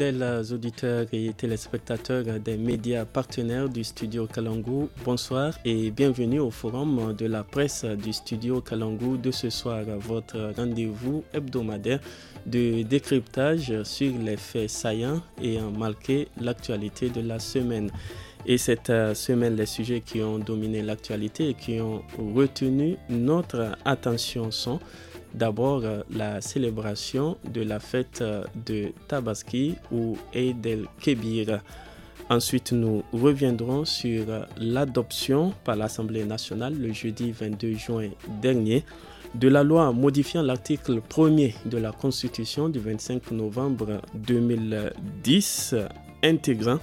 Les auditeurs et téléspectateurs des médias partenaires du studio Kalangou, bonsoir et bienvenue au forum de la presse du studio Kalangou de ce soir, votre rendez-vous hebdomadaire de décryptage sur les faits saillants en marqué l'actualité de la semaine. Et cette euh, semaine, les sujets qui ont dominé l'actualité et qui ont retenu notre attention sont D'abord, euh, la célébration de la fête euh, de Tabaski ou Eid el-Kebir. Ensuite, nous reviendrons sur euh, l'adoption par l'Assemblée nationale le jeudi 22 juin dernier de la loi modifiant l'article 1er de la Constitution du 25 novembre 2010 intégrant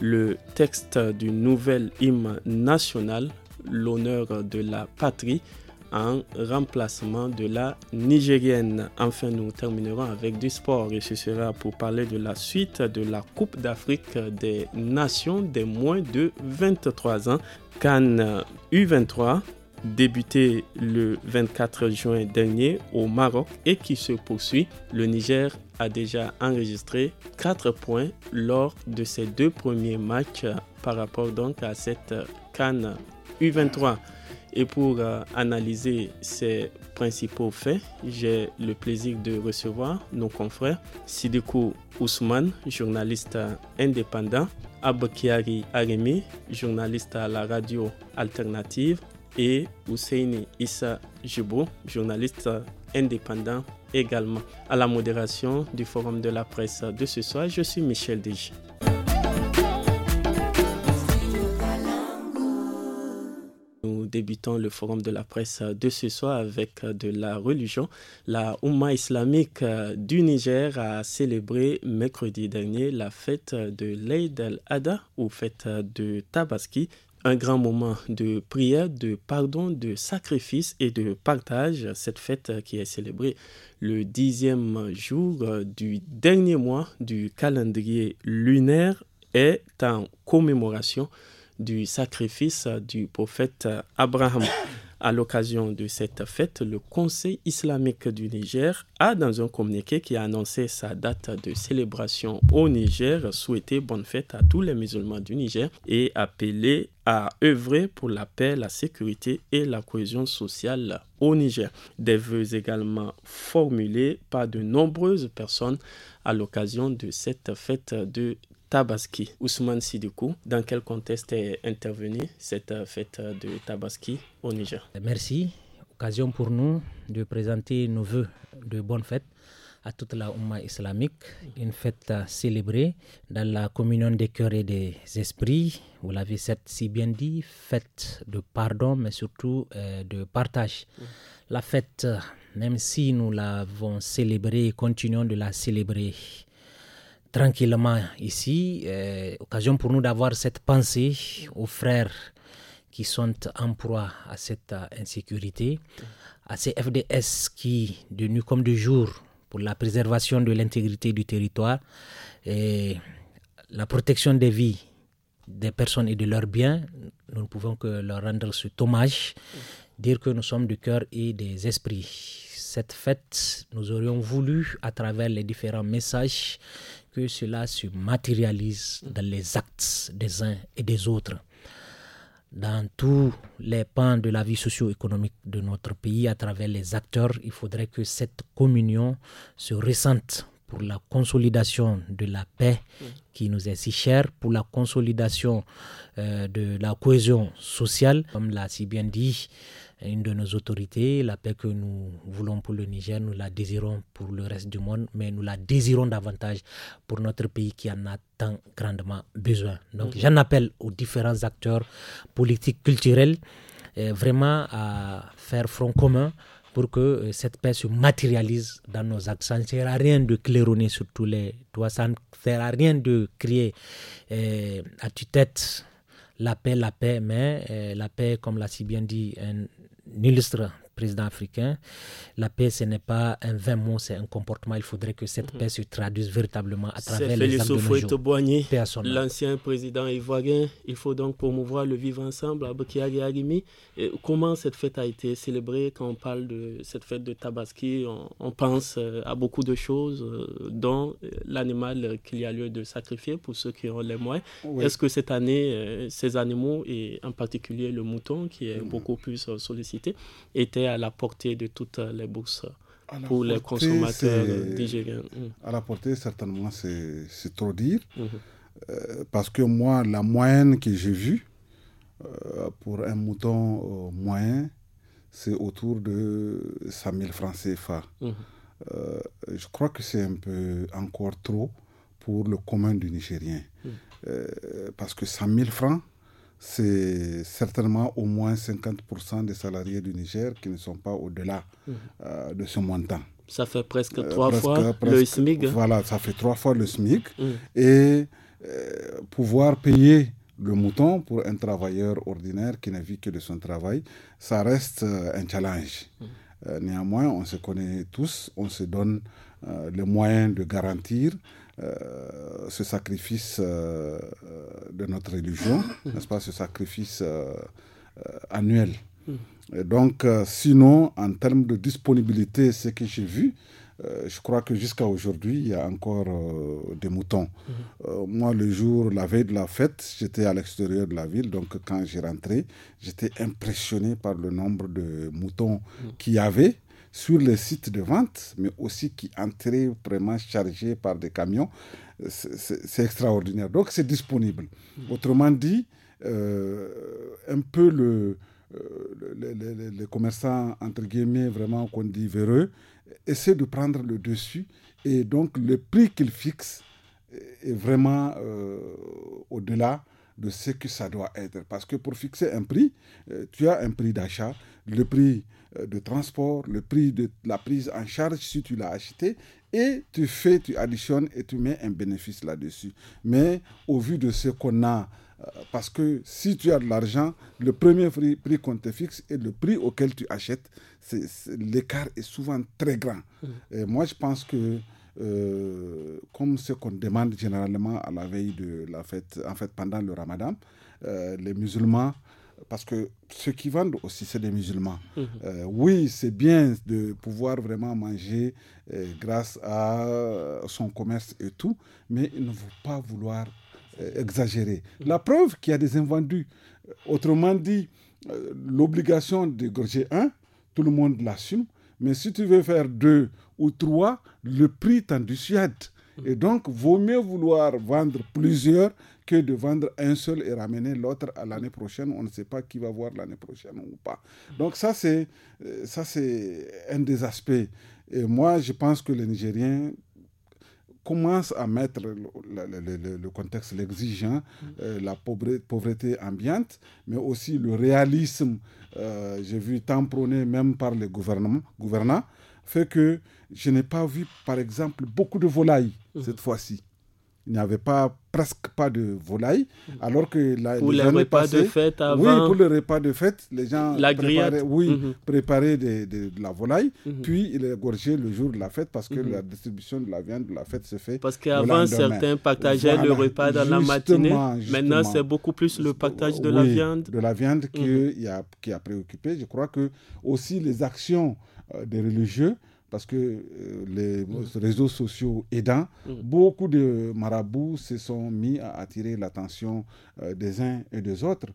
le texte du nouvel hymne national, l'honneur de la patrie en remplacement de la nigérienne. Enfin, nous terminerons avec du sport et ce sera pour parler de la suite de la Coupe d'Afrique des Nations des moins de 23 ans, Cannes U23 débutée le 24 juin dernier au Maroc et qui se poursuit. Le Niger a déjà enregistré 4 points lors de ses deux premiers matchs euh, par rapport donc à cette euh, Cannes U23. Et pour euh, analyser ces principaux faits, j'ai le plaisir de recevoir nos confrères Sidikou Ousmane, journaliste indépendant, Abokiari Aremi, journaliste à la radio alternative, et Husseini Issa Jibo, journaliste indépendant également à la modération du Forum de la presse de ce soir. Je suis Michel Dj. Nous débutons le forum de la presse de ce soir avec de la religion. La Oumma islamique du Niger a célébré mercredi dernier la fête de l'Eid al-Adha ou fête de Tabaski, un grand moment de prière, de pardon, de sacrifice et de partage, cette fête qui est célébrée le dixième jour euh, du dernier mois du calendrier lunaire est en commémoration du sacrifice du prophète Abraham. À l'occasion de cette fête, le Conseil islamique du Niger a, dans un communiqué qui a annoncé sa date de célébration au Niger, souhaité bonne fête à tous les musulmans du Niger et appelé à œuvrer pour la paix, la sécurité et la cohésion sociale au Niger. Des vœux également formulés par de nombreuses personnes à l'occasion de cette fête de Tabaski. Ousmane Sidikou, dans quel contexte est intervenue cette euh, fête euh, de Tabaski au Niger Merci. Occasion pour nous de présenter nos voeux de bonne fête à toute la Oumma islamique, une fête euh, célébrée dans la communion des cœurs et des esprits. Vous l'avez si bien dit, fête de pardon, mais surtout de partage. La fête, même si nous l'avons célébrée et continuons de la célébrer tranquillement ici. Euh, occasion pour nous d'avoir cette pensée aux frères qui sont en proie à cette euh, insécurité, à ces FDS qui, de nuit comme de jour, pour la préservation de l'intégrité du territoire et la protection des vies des personnes et de leurs biens, nous ne pouvons que leur rendre ce hommage, dire que nous sommes du cœur et des esprits. Cette fête, nous aurions voulu, à travers les différents messages cela se matérialise dans les actes des uns et des autres, dans tous les pans de la vie socio-économique de notre pays, à travers les acteurs. Il faudrait que cette communion se ressente pour la consolidation de la paix qui nous est si chère, pour la consolidation euh, de la cohésion sociale, comme l'a si bien dit euh, une de nos autorités, la paix que nous voulons pour le Niger, nous la désirons pour le reste du monde, mais nous la désirons davantage pour notre pays qui en a tant grandement besoin. Donc j'en appelle aux différents acteurs politiques, culturels, euh, vraiment à faire front commun pour que euh, cette paix se matérialise dans nos actes. Ça ne sert à rien de claironner sur tous les toits, ça ne sert à rien de crier euh, à tue-tête la paix, la paix, mais euh, la paix, comme l'a si bien dit un illustre président africain. La paix, ce n'est pas un vain mot, c'est un comportement. Il faudrait que cette mhm. paix se traduise véritablement à travers les actes de L'ancien président ivoirien, il faut donc promouvoir le vivre ensemble à Comment cette fête a été célébrée Quand on parle de cette fête de Tabaski, on, pense euh, à beaucoup de choses, euh, dont euh, l'animal qu'il y a lieu de sacrifier pour ceux qui ont les moyens. Est-ce que cette année, ces animaux, et en particulier le mouton, qui est mm. beaucoup plus sollicité, étaient à la portée de toutes euh, les bourses euh, pour les consommateurs nigériens. Euh, mm. À la portée, certainement, c'est trop dire. Mm-hmm. parce que moi, la moyenne que j'ai vue pour un mouton moyen, c'est autour de 5000 francs CFA. Mm-hmm. je crois que c'est un peu encore trop pour le commun du Nigérien. Mm. parce que 5000 000 francs, c'est certainement au moins 50% des salariés du Niger qui ne sont pas au-delà mhm. euh, de ce montant. Ça fait presque euh, trois fois le SMIC. Hein. Voilà, ça fait trois fois le SMIC. Mhm. Et euh, pouvoir payer le mouton pour un travailleur ordinaire qui ne vit que de son travail, ça reste un challenge. Mhm. néanmoins, on se connaît tous, on se donne les moyens de garantir euh, ce sacrifice euh, euh, de notre religion, n'est-ce pas, ce sacrifice annuel. Mm. donc, sinon, en termes de disponibilité, ce que j'ai vu, je crois que jusqu'à aujourd'hui, il y a encore des moutons. Mm. moi, le jour, la veille de la fête, j'étais à l'extérieur de la ville, donc quand j'ai rentré, j'étais impressionné par le nombre de moutons mm. qu'il y avait sur les sites de vente, mais aussi qui entraient vraiment chargés par des camions. C'est extraordinaire. Donc c'est disponible. Mmh. Autrement dit, euh, un peu le, euh, les, commerçants, entre guillemets, vraiment qu'on dit véreux, essaient de prendre le dessus. Et donc le prix qu'ils fixent est vraiment euh, au-delà de ce que ça doit être. Parce que pour fixer un prix, tu as un prix d'achat, le prix euh, de transport, le prix de la prise en charge si tu l'as acheté, et tu fais, tu additionnes et tu mets un bénéfice là-dessus. Mais au vu de ce qu'on a, euh, parce que si tu as de l'argent, le premier prix, prix qu'on te fixe et le prix auquel tu achètes, l'écart est souvent très grand. Mmh. moi, je pense que euh, comme ce qu'on demande généralement à la veille de la fête, en fait pendant le ramadan, les musulmans parce que ceux qui vendent aussi, c'est des musulmans. Mhm. Euh, oui, c'est bien de pouvoir vraiment manger euh, grâce à son commerce et tout, mais il ne faut pas vouloir euh, exagérer. Mhm. La preuve qu'il y a des invendus, autrement dit, l'obligation de gorger un, tout le monde l'assume, mais si tu veux faire deux ou trois, le prix tend du dissuade. Et donc, vaut mieux vouloir vendre plusieurs que de vendre un seul et ramener l'autre à l'année prochaine. On ne sait pas qui va voir l'année prochaine ou pas. Donc ça, c'est, euh, ça, c'est un des aspects. Et moi, je pense que les Nigériens commencent à mettre le, contexte, l'exigeant, mm. euh, la pauvreté, pauvreté, ambiante, mais aussi le réalisme, euh, j'ai vu tant prôné même par les gouvernants fait que je n'ai pas vu, par exemple, beaucoup de volailles mhm. cette fois-ci. Il n'y avait pas presque pas de volailles, alors que la, pour les repas de fête avant. Oui, pour le repas de fête, les gens préparaient, oui, mhm. de, la volaille, mhm. puis ils égorgeaient le jour de la fête parce que la distribution de la viande de la fête se fait. Parce qu'avant, certains partageaient le repas dans la matinée. Maintenant, c'est beaucoup plus le partage de la viande. De la viande qui, a, qui a préoccupé. Je crois que aussi les actions euh, des religieux parce que euh, les réseaux sociaux aidants, beaucoup de marabouts se sont mis à attirer l'attention euh, des uns et des autres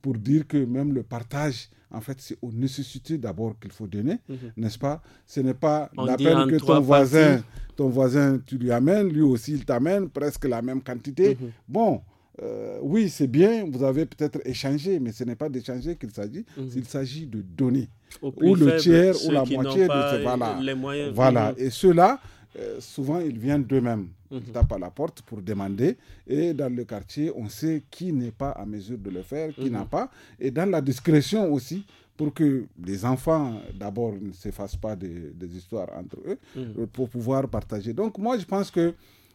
pour dire que même le partage, en fait, c'est aux nécessités d'abord qu'il faut donner, mhm. n'est-ce pas Ce n'est pas l'appel que ton voisin, ton voisin, tu lui amènes, lui aussi il t'amène presque la même quantité. Mhm. Bon, euh, oui, c'est bien, vous avez peut-être échangé, mais ce n'est pas d'échanger qu'il s'agit, mhm. il s'agit de donner. Ou le tiers, ou la moitié de ces Les moyens voilà. Et ceux-là, euh, souvent, ils viennent d'eux-mêmes. Ils mhm. tapent à la porte pour demander. Et dans le quartier, on sait qui n'est pas à mesure de le faire, qui n'a mhm. pas. Et dans la discrétion aussi, pour que les enfants, d'abord, ne s'effacent pas des, histoires entre eux, pour pouvoir partager. Donc, moi, je pense que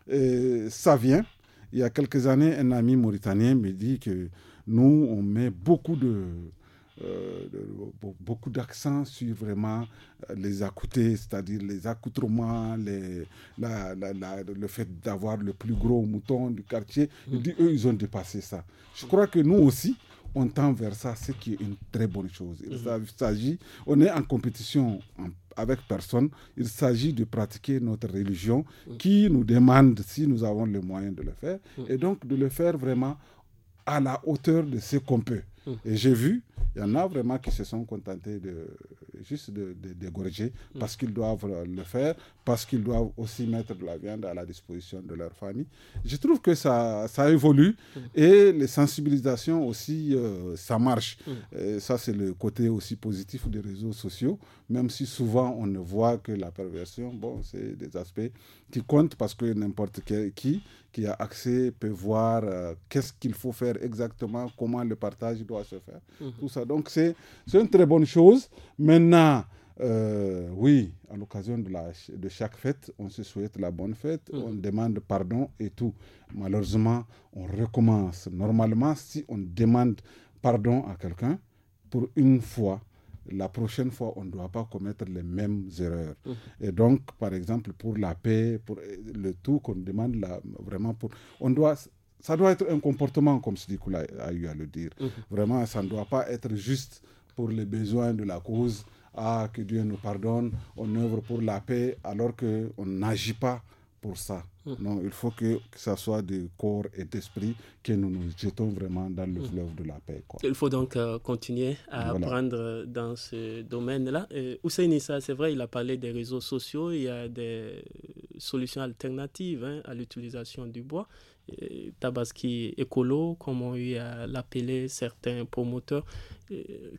euh, ça vient. Il y a quelques années, un ami mauritanien me dit que nous, on met beaucoup de, euh, beaucoup d'accent sur vraiment euh, les accoutés, c'est-à-dire les accoutrements, les, le fait d'avoir le plus gros mouton du quartier. Il mm. dit, eux, ils ont dépassé ça. Je crois que nous aussi, on tend vers ça, ce qui est une très bonne chose. Il mm-hmm. s'agit, on est en compétition en avec personne. Il s'agit de pratiquer notre religion qui nous demande si nous avons les moyens de le faire et donc de le faire vraiment à la hauteur de ce qu'on peut. Et j'ai vu, il y en a vraiment qui se sont contentés de juste de, dégorger parce qu'ils doivent le faire, parce qu'ils doivent aussi mettre de la viande à la disposition de leur famille. Je trouve que ça, ça évolue et les sensibilisations aussi, euh, ça marche. ça, c'est le côté aussi positif des réseaux sociaux, même si souvent on ne voit que la perversion. Bon, c'est des aspects qui comptent parce que n'importe qui qui a accès peut voir euh, qu'est-ce qu'il faut faire exactement, comment le partage doit se faire. Mhm. Tout ça. Donc, c'est une très bonne chose. Maintenant, euh, oui, à l'occasion de, de chaque fête, on se souhaite la bonne fête, mhm. on demande pardon et tout. Malheureusement, on recommence. Normalement, si on demande pardon à quelqu'un, pour une fois, la prochaine fois, on ne doit pas commettre les mêmes erreurs. Mhm. Et donc, par exemple, pour la paix, pour le tout qu'on demande, là, vraiment, pour, on doit ça doit être un comportement, comme Koula a, eu à le dire. Mhm. Vraiment, ça ne doit pas être juste pour les besoins de la cause. Ah, que Dieu nous pardonne, on œuvre pour la paix alors qu'on n'agit pas pour ça. Mhm. Non, il faut que, ce soit de corps et d'esprit que nous nous jetons vraiment dans le mhm. fleuve de la paix. Il faut donc euh, continuer à apprendre dans ce domaine-là. Hussein Issa, c'est vrai, il a parlé des réseaux sociaux, il y a des solutions alternatives hein, à l'utilisation du bois. Tabaski écolo, comme ont eu à l'appeler certains promoteurs.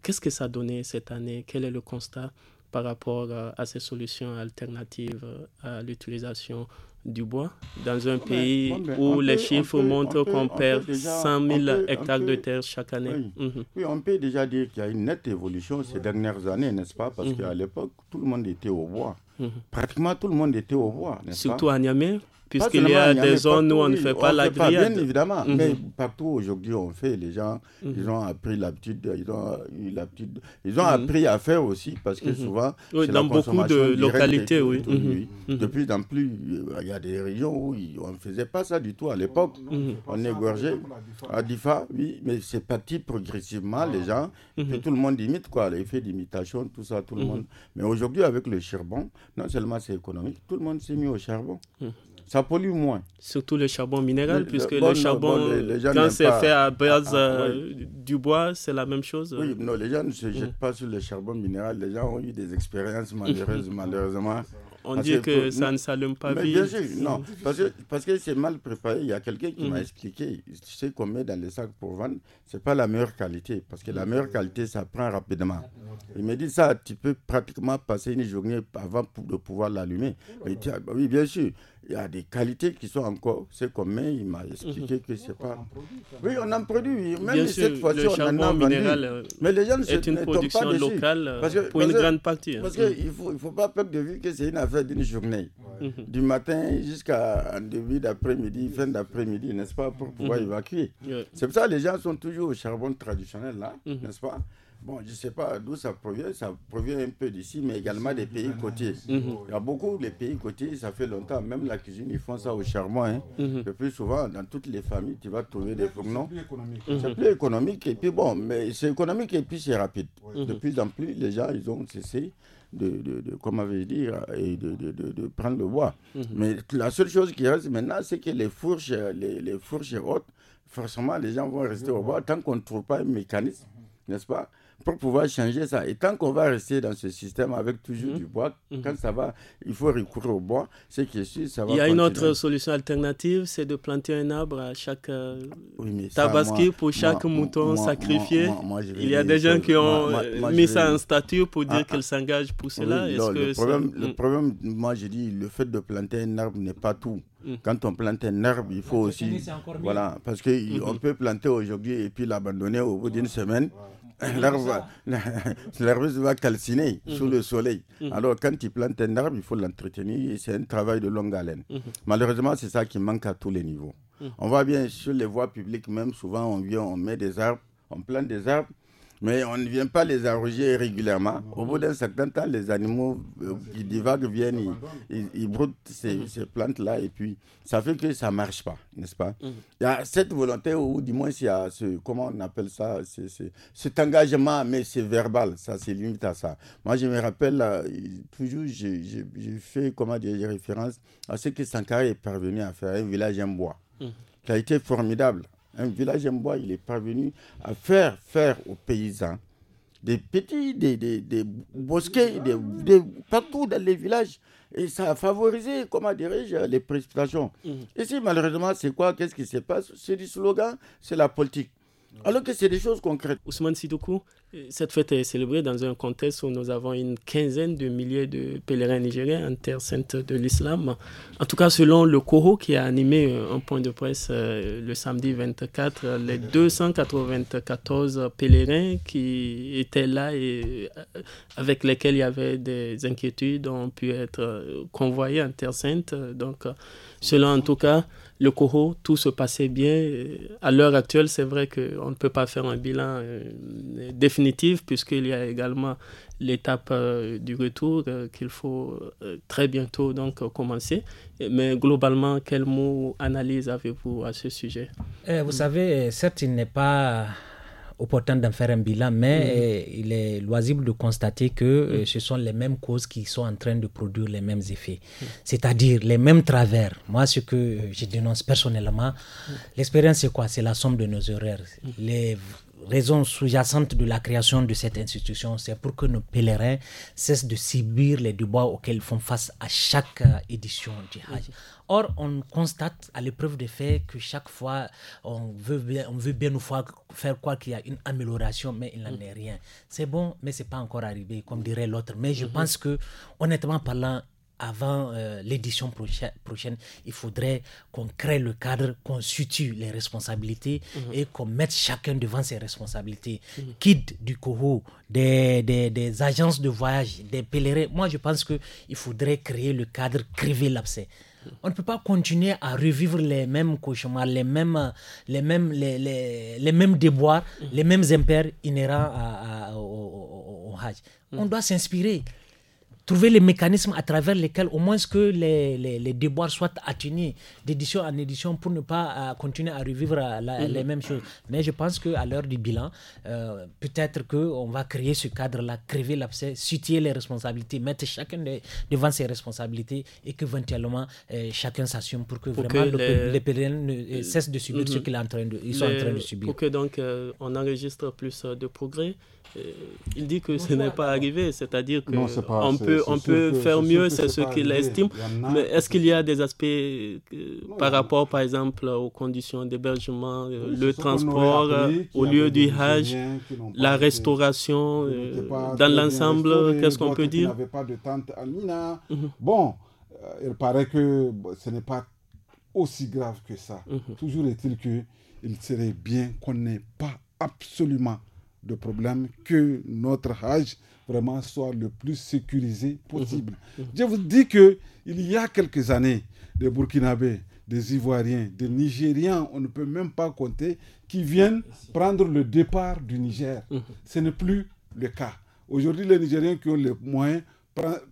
Qu'est-ce que ça a donné cette année Quel est le constat par rapport à ces solutions alternatives euh, à l'utilisation du bois dans un pays où les chiffres montrent qu'on perd 100 000 hectares de terre chaque année. Mhm. Oui. on peut déjà dire qu'il y a une nette évolution ces dernières années, n'est-ce pas Parce mhm. qu'à l'époque, tout le monde était au bois. Mhm. Pratiquement tout le monde était au bois, n'est-ce pas Surtout à Niamey, puisqu'il y a des zones où on ne fait pas la grillade. Bien évidemment, mhm. mais partout aujourd'hui on fait, les gens, mhm. ils ont appris l'habitude, ils ont eu l'habitude, ils ont mhm. appris à faire aussi, parce que souvent, oui, dans beaucoup de localités, oui. Depuis, dans plus, euh, il y a des régions où on ne faisait pas ça du tout à l'époque. On égorgeait à Difa, oui, mais c'est parti progressivement, les ah. gens, et tout le monde imite, quoi, l'effet d'imitation, tout ça, tout le monde. Mais aujourd'hui, avec le charbon, non seulement c'est économique, tout le monde s'est mis au charbon ça pollue moins. Surtout le charbon minéral, puisque le, charbon, quand c'est fait à base ah, ah, euh, du bois, c'est la même chose. Euh. Oui, non, les gens ne se jettent pas sur le charbon minéral. Les gens ont eu des expériences malheureuses, malheureusement. On dit que, ça ne s'allume pas bien. sûr, non, parce que c'est mal préparé. Il y a quelqu'un qui m'a mm. expliqué. Tu sais qu'on met dans les sacs pour vendre, n'est pas la meilleure qualité, parce que la mm. meilleure qualité, ça prend rapidement. Il me dit ça, tu peux pratiquement passer une journée avant de pouvoir l'allumer. Ah, bah oui, bien sûr il y a des qualités qui sont encore c'est commun, Il m'a expliqué mhm. que c'est pas. oui, on en produit. Même cette fois-ci, on en a vendu. Euh, Mais les gens c'est une production pas locale euh, parce pour une grande partie. Hein. Parce qu'il ne faut, il faut pas perdre de vue que c'est une affaire d'une journée. Mhm. Du matin jusqu'à début d'après-midi, fin d'après-midi, n'est-ce pas, pour pouvoir mhm. évacuer. C'est pour ça que les gens sont toujours au charbon traditionnel, là, n'est-ce pas Bon, je ne sais pas d'où ça provient. Ça provient un peu d'ici, mais également des pays côtiers. Il y a beaucoup de pays côtiers, ça fait longtemps. Même la cuisine, ils font ça au charbon. Hein. Mhm. Le plus souvent, dans toutes les familles, tu vas trouver des fourneaux. C'est plus économique. C'est mhm. plus économique. Et puis bon, mais c'est économique et puis c'est rapide. De mhm. plus en plus, les gens, ils ont cessé de, de, comment dire, et de, prendre le bois. Mais la seule chose qui reste maintenant, c'est que les fourches, les, les fourches hautes, forcément, les gens vont rester au bois tant qu'on ne trouve pas un mécanisme, n'est-ce pas pour pouvoir changer ça. Et tant qu'on va rester dans ce système avec toujours mhm. du bois, mhm. quand ça va, il faut recourir au bois, c'est que ça va. Il y a une autre solution alternative, c'est de planter un arbre à chaque euh, tabaski pour chaque mouton sacrifié. il y a des gens qui ont euh, mis ça en statut pour ah, dire ah. qu'ils s'engagent pour cela. que le, mm. problème, moi je dis, le fait de planter un arbre n'est pas tout. Mm. Quand on plante un arbre, il faut aussi. voilà, parce qu'on mm-hmm. on peut planter aujourd'hui et puis l'abandonner au bout d'une semaine. L'arbre va calciner mhm. sous le soleil. Mhm. Alors, quand tu plantes un arbre, il faut l'entretenir. C'est un travail de longue haleine. Mhm. Malheureusement, c'est ça qui manque à tous les niveaux. On voit bien sur les voies publiques, même souvent, on vient, on met des arbres, on plante des arbres. Mais on ne vient pas les arroger régulièrement. Au bout d'un certain temps, les animaux euh, qui divaguent viennent, ils, broutent mhm. ces, plantes-là et puis ça fait que ça ne marche pas, n'est-ce pas mhm. Il y a cette volonté, ou du moins, il y a ce, comment on appelle ça, cet engagement, mais c'est verbal, ça c'est limite à ça. Moi, je me rappelle, euh, toujours, j'ai fait, comment dire, référence à ce que Sankara est parvenu à faire, un village en bois, mhm. qui a été formidable un village en bois, il est parvenu à faire faire aux paysans des petits, des, bosquets, des, partout dans les villages. Et ça a favorisé, comment dirais-je, les précipitations. Mmh. Et Ici, malheureusement, c'est quoi Qu'est-ce qui se passe C'est du slogan, c'est la politique. Alors que c'est des choses concrètes. Ousmane Sidoukou, cette fête est célébrée dans un contexte où nous avons une quinzaine de milliers de pèlerins nigériens en terre sainte de l'islam. En tout cas, selon le Coro qui a animé euh, un point de presse euh, le samedi 24, les 294 pèlerins qui étaient là et euh, avec lesquels il y avait des inquiétudes ont pu être convoyés en terre sainte. Donc, selon en tout cas le Coho, tout se passait bien. Euh, à l'heure actuelle, c'est vrai qu'on ne peut pas faire un bilan euh, définitif puisqu'il y a également l'étape euh, du retour qu'il faut très bientôt donc commencer. Mais globalement, quel mot analyse avez-vous à ce sujet eh, Vous savez, certes, il n'est pas opportun d'en faire un bilan, mais mm. euh, il est loisible de constater que euh, mm. ce sont les mêmes causes qui sont en train de produire les mêmes effets, mm. c'est-à-dire les mêmes travers. Moi, ce que euh, je dénonce personnellement, l'expérience, c'est quoi C'est la somme de nos horaires. Les raison sous-jacente de la création de cette institution, c'est pour que nos pèlerins cessent de subir les dubois auxquels ils font face à chaque euh, édition du Hajj. Or, on constate à l'épreuve des faits que chaque fois, on veut bien, on veut bien nous faire quoi qu'il y a une amélioration, mais il n'en mm. est rien. C'est bon, mais c'est pas encore arrivé, comme mm. dirait l'autre. Mais je mm-hmm. pense que, honnêtement parlant, avant euh, l'édition prochaine, il faudrait qu'on crée le cadre, qu'on situe les responsabilités mhm. et qu'on mette chacun devant ses responsabilités. kids mhm. du coho, des, des, agences de voyage, des pèlerins. Moi, je pense qu'il faudrait créer le cadre, crever l'abcès. On ne peut pas continuer à revivre les mêmes cauchemars, les mêmes, les mêmes, les, les, les mêmes déboires, mhm. les mêmes impairs inhérents à, au, Hajj. On doit s'inspirer trouver les mécanismes à travers lesquels au moins que les, les, déboires soient atténués d'édition en édition pour ne pas euh, continuer à revivre euh, mm-hmm. les mêmes choses. Mais je pense qu'à l'heure du bilan, euh, peut-être qu'on va créer ce cadre-là, créer l'abcès, situer les responsabilités, mettre chacun devant ses responsabilités et qu'éventuellement éventuellement chacun s'assume pour que vraiment le, les... cesse mm-hmm. cessent de subir ce mm-hmm. qu'ils sont en train de subir. Pour que donc on enregistre plus de progrès. Euh, il dit que ce n'est pas arrivé, c'est-à-dire qu'on peut, on peut faire mieux, c'est ce qu'il estime. Mais est-ce qu'il y a des aspects euh, par rapport, par exemple, aux conditions d'hébergement, euh, le transport au lieu du Hajj, la restauration, dans l'ensemble, qu'est-ce qu'on peut dire mhm. Bon, il paraît que ce n'est pas aussi grave que ça. Mhm. Toujours est-il que il serait bien qu'on n'ait pas absolument de problème, que notre âge vraiment soit le plus sécurisé possible. Mhm. Mhm. Je vous dis que il y a quelques années, des Burkinabés, des Ivoiriens, des Nigériens, on ne peut même pas compter, qui viennent prendre le départ du Niger. Mhm. Ce n'est plus le cas. Aujourd'hui, les Nigériens qui ont les moyens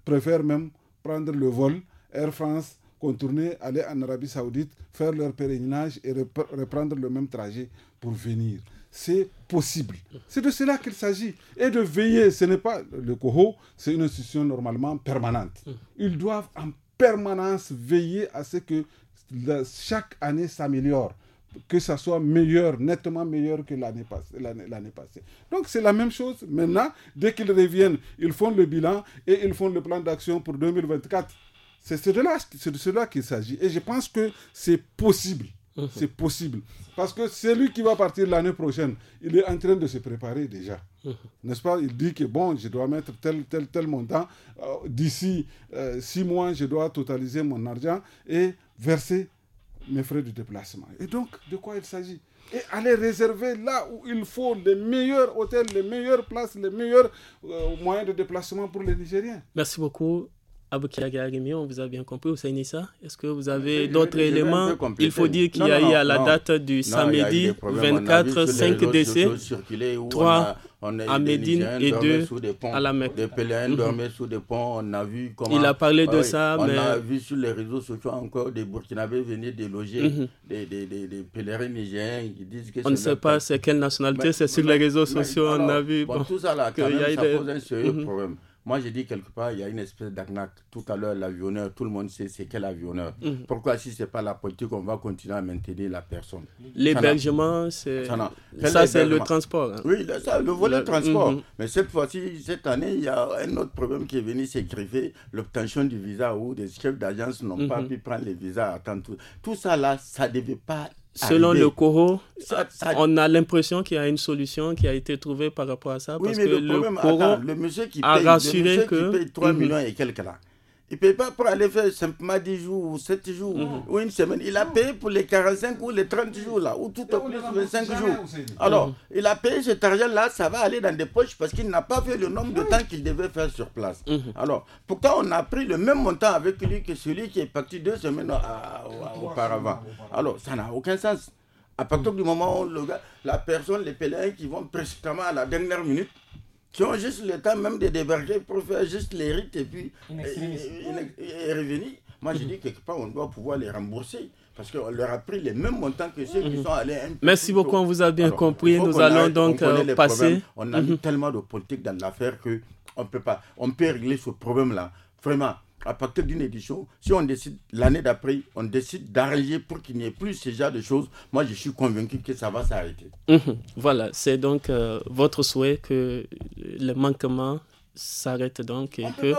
préfèrent même prendre le vol Air France, contourner, aller en Arabie Saoudite, faire leur pèlerinage et reprendre le même trajet pour venir c'est possible. C'est de cela qu'il s'agit. Et de veiller, ce n'est pas le COHO, c'est une institution normalement permanente. Mm. Ils doivent en permanence veiller à ce que chaque année s'améliore, que ça soit meilleur, nettement meilleur que l'année passée, passée, Donc c'est la même chose. Maintenant, dès qu'ils reviennent, ils font le bilan et ils font le plan d'action pour 2024. C'est de cela qu'il s'agit. Et je pense que c'est possible. Mhm. C'est possible. Parce que celui qui va partir l'année prochaine, il est en train de se préparer déjà. Mhm. N'est-ce pas Il dit que bon, je dois mettre tel, tel, tel montant. Euh, d'ici euh, six mois, je dois totaliser mon argent et verser mes frais de déplacement. Et donc, de quoi il s'agit Et aller réserver là où il faut les meilleurs hôtels, les meilleures places, les meilleurs euh, moyens de déplacement pour les Nigériens. Merci beaucoup, on vous avez bien compris, ça Est-ce que vous ah, avez d'autres éléments Il faut dire qu'il y a eu à la date du samedi 24, 5 décès, 3 à Médine et 2 à la Mecque. Mhm. on a vu comment... Il a parlé de ah ça, on mais... On a vu sur les réseaux sociaux encore des Burkinabés venir déloger mhm. des, pèlerins nigériens qui disent que... On ne sait pas c'est quelle nationalité, c'est sur les réseaux sociaux, on a vu... Bon, y tout ça des... pose un sérieux mhm. problème. Moi, j'ai dit quelque part, il y a une espèce d'arnaque. Tout à l'heure, l'avionneur, tout le monde sait c'est qu'est avionneur. Mhm. Pourquoi, si ce n'est pas la politique, on va continuer à maintenir la personne L'hébergement, c'est. Ça, c'est le transport. Hein. Oui, ça, le volet transport. Mhm. Mais cette fois-ci, cette année, il y a un autre problème qui est venu s'écriver l'obtention du visa où des chefs d'agence n'ont mhm. pas pu prendre les visas à Tout ça, là, ça ne devait pas Selon le Coro, on a l'impression qu'il y a une solution qui a été trouvée par rapport à ça. Oui, parce mais que le, problème, le Coro le monsieur qui a paye, rassuré que... qui paye 3 millions et quelques là, il ne paye pas pour aller faire simplement 10 jours ou 7 jours mhm. ou une semaine. Il a payé pour les 45 ou les 30 jours là, ou tout au plus 25 jours. Alors, mhm. il a payé cet argent-là, ça va aller dans des poches parce qu'il n'a pas vu le nombre de temps qu'il devait faire sur place. Mhm. Alors, pourquoi on a pris le même montant avec lui que celui qui est parti deux semaines auparavant. Alors, ça n'a aucun sens. À partir du moment où le gars, la personne, les pèlerins qui vont précisément à la dernière minute, qui ont juste le temps même de débarquer pour faire juste les rites et puis euh, euh, revenir. Moi, je dis quelque part, on doit pouvoir les rembourser parce qu'on leur a pris les mêmes montants que ceux qui mhm. sont allés. Merci beaucoup, on vous a bien compris. Nous allons donc euh, passer. On a mhm. tellement de politique dans l'affaire qu'on peut pas. On peut régler ce problème-là. Vraiment, à partir d'une édition, si on décide l'année d'après, on décide d'arranger pour qu'il n'y ait plus ce genre de choses, moi je suis convaincu que ça va s'arrêter. Mhm. Voilà, c'est donc euh, votre souhait que le manquement s'arrête donc et on que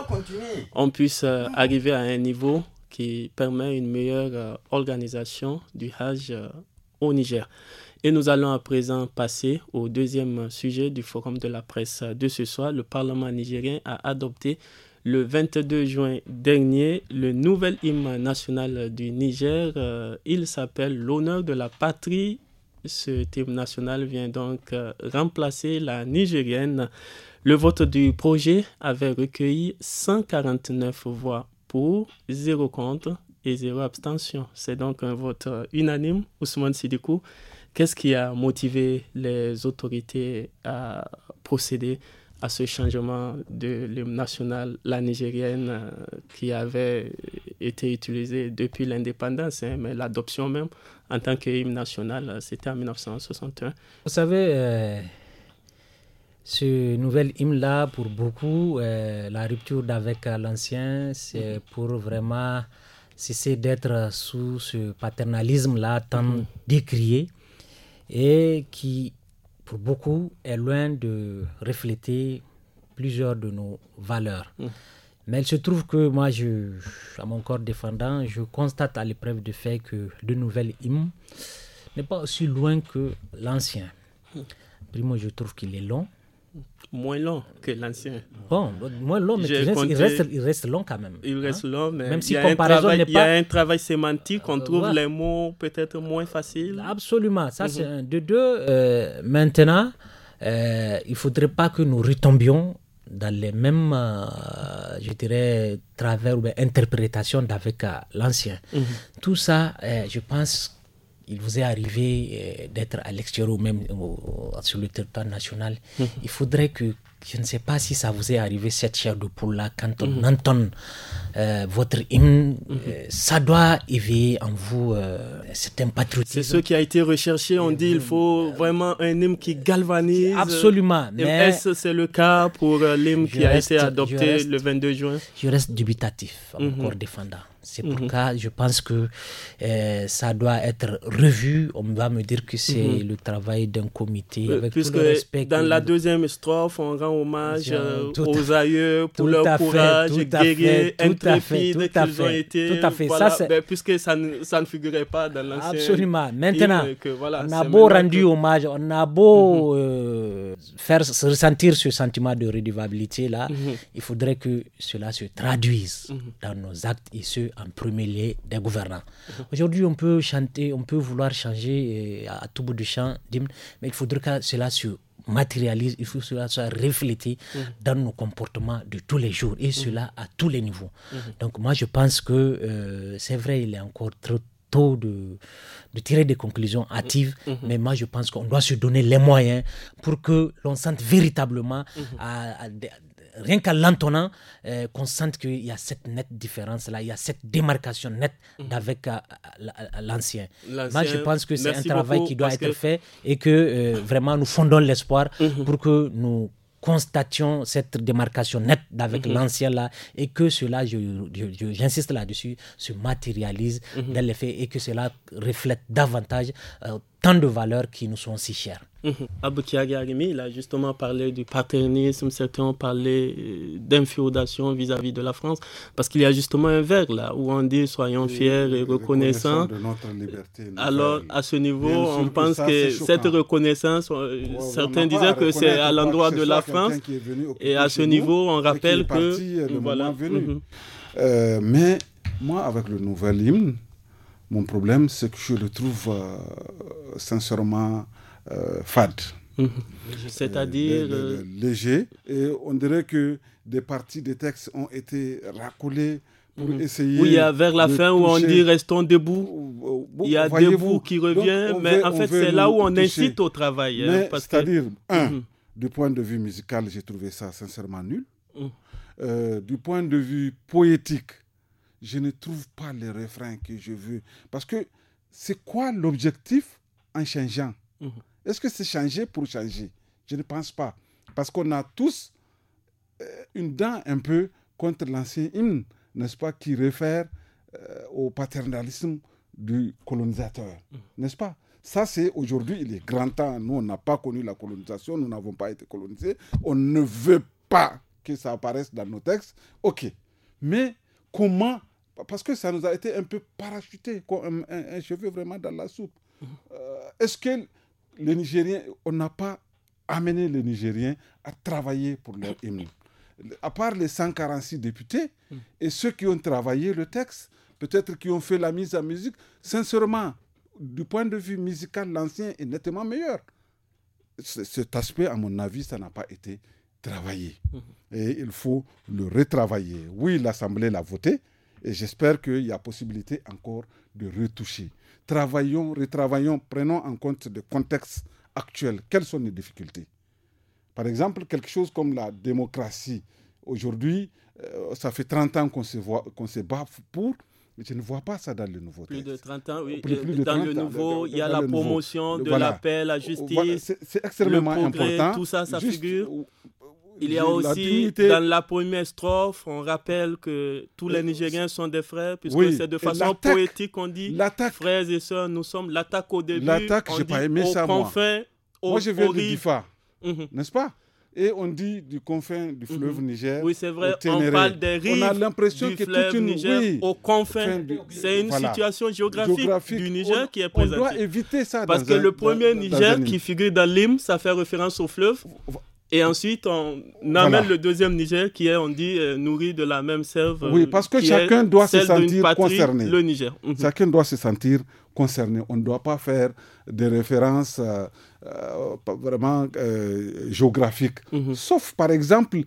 on puisse euh, arriver à un niveau qui permet une meilleure euh, organisation du Hajj au Niger. Et nous allons à présent passer au deuxième sujet du forum de la presse de ce soir. Le Parlement nigérien a adopté le 22 juin dernier le nouvel hymne national du Niger. Euh, il s'appelle L'honneur de la patrie. Ce hymne national vient donc euh, remplacer la nigérienne. Le vote du projet avait recueilli 149 voix pour, 0 contre et 0 abstention. C'est donc un vote euh, unanime. Ousmane Sidikou, qu'est-ce qui a motivé les autorités à procéder à ce changement de l'hymne national, la nigérienne, euh, qui avait été utilisée depuis l'indépendance, hein, mais l'adoption même en tant qu'hymne national, euh, c'était en 1961. Vous savez, euh, ce nouvel hymne-là, pour beaucoup, la rupture d'avec l'ancien, c'est mm-hmm. pour vraiment cesser d'être sous ce paternalisme-là tant mm-hmm. décrié et qui pour beaucoup, est loin de refléter plusieurs de nos valeurs. Mmh. Mais il se trouve que moi, je, à mon corps défendant, je constate à l'épreuve de fait que le nouvel hymne n'est pas aussi loin que l'ancien. Mmh. Primo, je trouve qu'il est long moins long que l'ancien. Bon, moins long, mais il, reste, long quand même. Il reste hein. long, mais même si il, y a, il y a un travail sémantique, on euh, trouve les mots peut-être moins faciles. Absolument, ça c'est mhm. un. De deux, euh, maintenant, euh, il ne faudrait pas que nous retombions dans les mêmes, je dirais, travers ou interprétations d'avec l'ancien. Mhm. Tout ça, je pense il vous est arrivé euh, d'être à l'extérieur ou même euh, sur le territoire national, hum. il faudrait que je ne sais pas si ça vous est arrivé cette chair de poule-là, quand on hum. entend euh, votre hymne, hum. ça doit éveiller en vous c'est certain patriotisme. C'est ce qui a été recherché, on dit il faut vraiment un hymne qui galvanise. Absolument. Mais est-ce c'est le cas pour l'hymne qui a été adopté le 22 juin Je reste dubitatif, encore défendant. C'est pourquoi mhm. je pense que euh, ça doit être revu. On va me dire que c'est mhm. le travail d'un comité. Euh, avec Puisque respect dans la deuxième strophe, on rend hommage euh, aux aïeux pour leur fait, courage à intrépide qu'ils ont été. Tout à fait. Ça, ben, puisque ça ne, ça ne, figurait pas dans l'ancien Absolument. Maintenant, on a beau rendu hommage, on a beau mhm. faire ressentir ce sentiment de redevabilité-là, il faudrait que cela se traduise dans nos actes et ce, premier lieu des gouvernants. Aujourd'hui, on peut chanter, on peut vouloir changer euh, à tout bout de champ d'hymne, mais il faudrait que cela se matérialise, il faut que cela soit reflété mhm. dans nos comportements de tous les jours et mhm. cela à tous les niveaux. Mhm. Donc moi je pense que euh, c'est vrai, il est encore trop tôt de, tirer des conclusions hâtives, mais moi je pense qu'on doit se donner les moyens pour que l'on sente véritablement à, à, rien qu'à l'entonnant, euh, qu'on sente qu'il y a cette nette différence-là, il y a cette démarcation nette mhm. d'avec euh, l'ancien. Moi, je pense que c'est un travail qui doit être fait et que euh, vraiment nous fondons l'espoir mhm. pour que nous constations cette démarcation nette avec mhm. l'ancien là et que cela, j'insiste je, là-dessus, se matérialise dans les faits et que cela reflète davantage de valeurs qui nous sont si chères. Mmh. Abou il a justement parlé du paternisme, certains ont parlé euh, d'infiodation vis-à-vis de la France, parce qu'il y a justement un vers là où on dit soyons fiers et reconnaissants. Alors à ce niveau, on pense que, cette reconnaissance, euh, certains disaient que c'est à l'endroit de la France, et à ce niveau, on rappelle que... Euh, voilà. Mhm. mais moi, avec le nouvel hymne, mon problème, c'est que je le trouve euh, sincèrement euh, fade. Mhm. Euh, c'est-à-dire léger. Et on dirait que des parties des textes ont été racolées pour il mhm. essayer. Oui, vers la fin où on dit restons debout. il y a debout qui revient, mais en fait, c'est là où on incite au travail. Hein, c'est-à-dire, un, mhm. du point de vue musical, j'ai trouvé ça sincèrement nul. du point de vue poétique, je ne trouve pas les refrains que je veux. Parce que c'est quoi l'objectif en changeant mhm. Est-ce que c'est changer pour changer Je ne pense pas. Parce qu'on a tous euh, une dent un peu contre l'ancien hymne, n'est-ce pas, qui réfère euh, au paternalisme du colonisateur, mhm. n'est-ce pas Ça, c'est aujourd'hui, il est grand temps. Nous, on n'a pas connu la colonisation, nous n'avons pas été colonisés. On ne veut pas que ça apparaisse dans nos textes. OK. Mais Comment Parce que ça nous a été un peu parachuté, un, cheveu vraiment dans la soupe. Euh, est-ce que les Nigériens, on n'a pas amené les Nigériens à travailler pour leur hymne À part les 146 députés et ceux qui ont travaillé le texte, peut-être qui ont fait la mise en musique, sincèrement, du point de vue musical, l'ancien est nettement meilleur. Cet aspect, à mon avis, ça n'a pas été travailler. Mmh. Et il faut le retravailler. Oui, l'Assemblée l'a voté. Et j'espère qu'il y a possibilité encore de retoucher. Travaillons, retravaillons, prenons en compte le contexte actuel. Quelles sont les difficultés Par exemple, quelque chose comme la démocratie. Aujourd'hui, euh, ça fait 30 ans qu'on se, voit, qu'on se bat pour tu ne vois pas ça dans le nouveau texte. Plus de 30 ans, oui. Euh, dans le nouveau, il y a la promotion de la paix, la justice. C'est extrêmement important. Tout ça, ça figure. Euh, il y a aussi, dans la première strophe, on rappelle que tous les euh, Nigériens sont des frères, puisque c'est de façon poétique qu'on dit frères et sœurs, nous sommes l'attaque au début. L'attaque, je n'ai pas aimé ça, moi. je viens de Difa, mhm. n'est-ce pas et on dit du confin du mhm. fleuve Niger. Oui, c'est vrai. on parle des rives. On a l'impression que tout une Niger, oui, au confin. C'est une situation géographique, du Niger qui est présentée. On doit éviter ça. Parce que le premier Niger qui figure dans l'hymne, ça fait référence au fleuve. Et ensuite, on amène le deuxième Niger qui est, on dit, euh, nourri de la même sève. oui, parce que euh, chacun doit se sentir concerné. Le Niger. Mhm. Chacun doit se sentir concerné. On ne doit pas faire des références euh, euh, vraiment euh, géographique. Mhm. Sauf, par exemple,